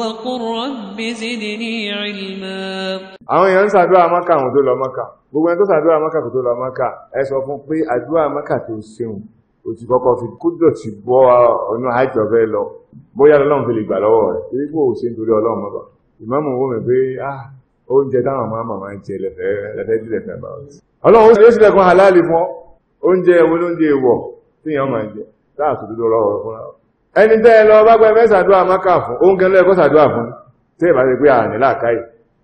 وقل رب زدني علما àwọn èèyàn ń ṣàdúrà mọ́kà àwọn tó lọ mọ́kà gbogbo ẹni tó ṣàdúrà mọ́kà kò tó lọ mọ́kà ẹ sọ fún pé àdúrà mọ́kà tó ṣeun ó ti kọ́kọ́ fi kúdọ̀ ti bọ́ ọ̀nà àìjọ fẹ́ lọ bóyá lọ́lọ́run fi lè gbà lọ́wọ́ rẹ̀ torí pé òṣèlú torí ọlọ́run mọ́kà ìmáàmù wọ́n mi pé ah oúnjẹ táwọn máa máa jẹ lẹ́fẹ́ dílẹ̀ fẹ́ bá ọ̀sẹ̀ ọlọ́run ó ẹni tẹ́ lọ bá gbẹ́ mẹ́sàdúwà mọ́kà fún oúnjẹ lẹ́ẹ̀kọ́ sàdúwà fún tí ìbá ti pé ààrẹ láàkáyì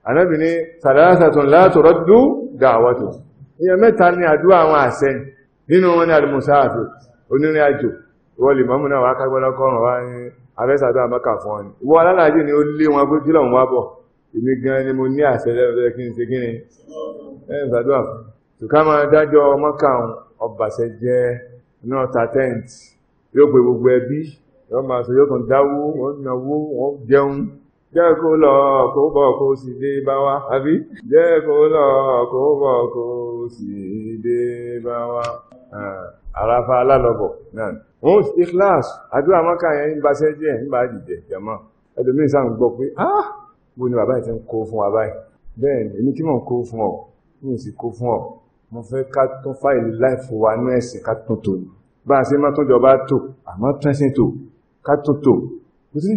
anábì ní sàdásàtún látọ̀rọ̀ dú dáwọ́tò ìyẹn mẹ́ta ni àdúwà àwọn àṣẹ nínú wọn ni alìmùsáàfì onírìn àjò wọ́n lè mọ́mú náà wá kágbọ́lọ́kọ́rùn wá ní abẹ́sàdúwà mọ́kà fún ni ó lé wọn kí lọ́n wá bọ̀ èmi gan ni mo ní àṣẹ lẹ́nu kí n ṣe kí ni ẹ̀ yóò pe gbogbo ẹbí yóò máa sọ yóò tún dáwó wọ́n náwó wọ́n jẹun jẹ́ kó lọ kó bọ̀ kó sì dé bá wa àbí jẹ́ kó lọ kó bọ̀ kó sì dé bá wa àràfà alálọ́bọ̀ náà wọ́n ikhlas àdúrà mọ́ká yẹn ń baṣẹ́ díẹ̀ ń bá dìde jẹ̀mọ́ ẹlòmíín sáà ń gbọ́ pé ah wo ni bàbá yìí ti ń kó fún wa báyìí bẹ́ẹ̀ ni èmi kí mò ń kó fún ọ mi sì kó fún ọ mo fẹ́ ká tún fáìlì láìfò wa ní ẹ̀sìn ká tún tò ní bá a ṣe má jọba tò àmọ́ tún tò ká tòtò kò sí ń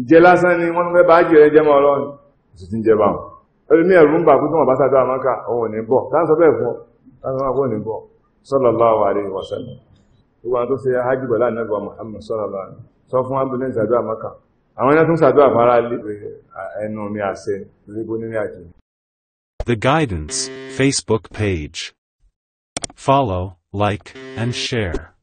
ìjẹ lásán ni wọ́n fẹ́ báájì rẹ jẹ́ mọ́ ọlọ́run bá wọn ẹni ní ń bà kútùmọ̀ bá sàdọ̀ àmọ́ká òun ní bọ̀ tá sọ bẹ́ẹ̀ fún ọ tá ń sọ ní bọ̀ sallallahu alaihi wasallam gbogbo àwọn tó ṣe hajj bọ̀lá nàgbà Muhammad sallallahu alaihi sọ fún ambulance sàdọ̀ àmọ́ká àwọn ẹni tó ń sàdọ̀ àfárá ẹnu mi àṣẹ gbogbo nínú àjò. The Guidance Facebook page. Follow, like, and share.